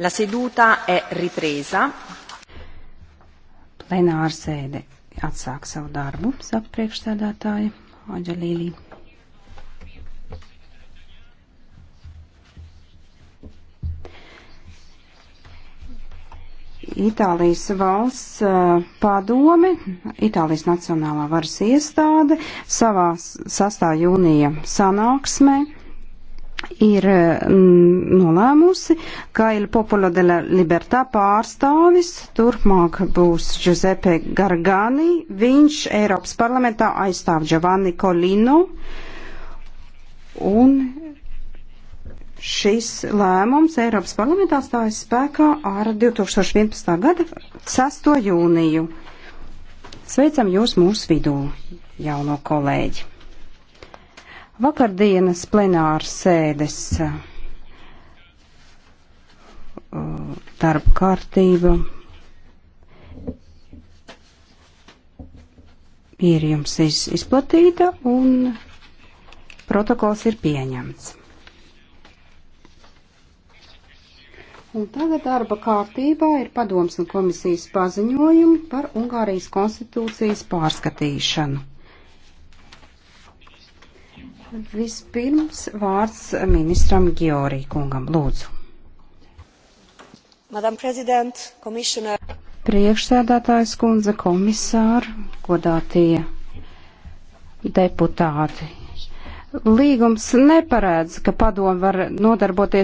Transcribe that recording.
La seduta è ripresa. Plenāra sēde atsāk savu darbu, saka priekšstādātāja Aģelīlī. Itālijas valsts uh, padome, Itālijas Nacionālā varas iestāde savā sastā jūnija sanāksmē ir mm, nolēmusi, ka Il Popolo de la Libertā pārstāvis turpmāk būs Giuseppe Gargani. Viņš Eiropas parlamentā aizstāv Giovanni Colino. Un šis lēmums Eiropas parlamentā stājas spēkā ar 2011. gada 6. jūniju. Sveicam jūs mūsu vidū, jauno kolēģi! Vakardienas plenāras sēdes uh, darba kārtība ir jums iz, izplatīta un protokols ir pieņemts. Un tagad darba kārtībā ir padoms un komisijas paziņojumi par Ungārijas konstitūcijas pārskatīšanu. Vispirms vārds ministram Georgi kungam. Lūdzu. Madam President, komisioner. Priekšsēdētājs kundze, komisāri, godātie deputāti. Līgums neparēdz, ka padomu var nodarboties.